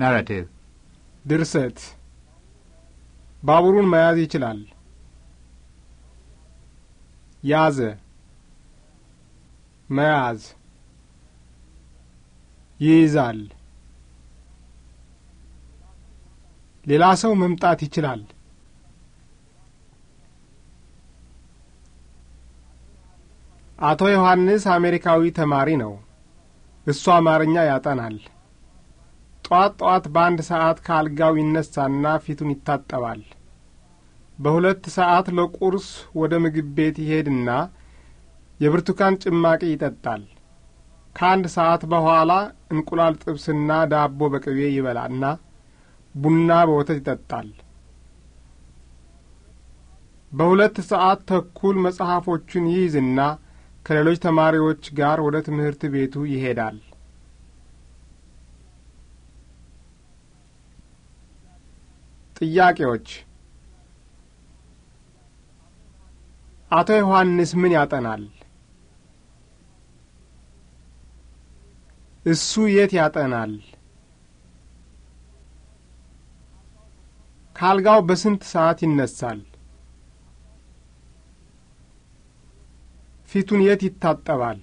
ናራቲቭ ድርሰት ባቡሩን መያዝ ይችላል። ያዘ፣ መያዝ፣ ይይዛል። ሌላ ሰው መምጣት ይችላል። አቶ ዮሐንስ አሜሪካዊ ተማሪ ነው። እሱ አማርኛ ያጠናል። ጧት ጧት በአንድ ሰዓት ከአልጋው ይነሳና ፊቱን ይታጠባል። በሁለት ሰዓት ለቁርስ ወደ ምግብ ቤት ይሄድና የብርቱካን ጭማቂ ይጠጣል። ከአንድ ሰዓት በኋላ እንቁላል ጥብስና ዳቦ በቅቤ ይበላና ቡና በወተት ይጠጣል። በሁለት ሰዓት ተኩል መጽሐፎቹን ይይዝና ከሌሎች ተማሪዎች ጋር ወደ ትምህርት ቤቱ ይሄዳል። ጥያቄዎች አቶ ዮሐንስ ምን ያጠናል? እሱ የት ያጠናል? ካልጋው በስንት ሰዓት ይነሳል? ፊቱን የት ይታጠባል?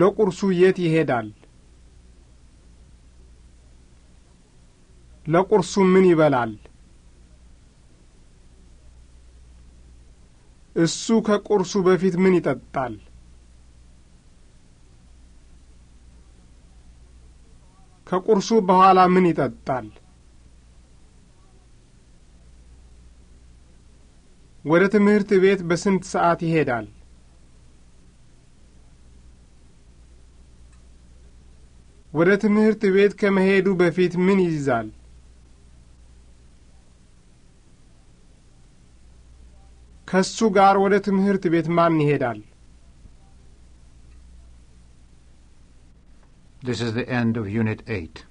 ለቁርሱ የት ይሄዳል? ለቁርሱ ምን ይበላል? እሱ ከቁርሱ በፊት ምን ይጠጣል? ከቁርሱ በኋላ ምን ይጠጣል? ወደ ትምህርት ቤት በስንት ሰዓት ይሄዳል? ወደ ትምህርት ቤት ከመሄዱ በፊት ምን ይይዛል? ከሱ ጋር ወደ ትምህርት ቤት ማን ይሄዳል? This is the end of Unit 8.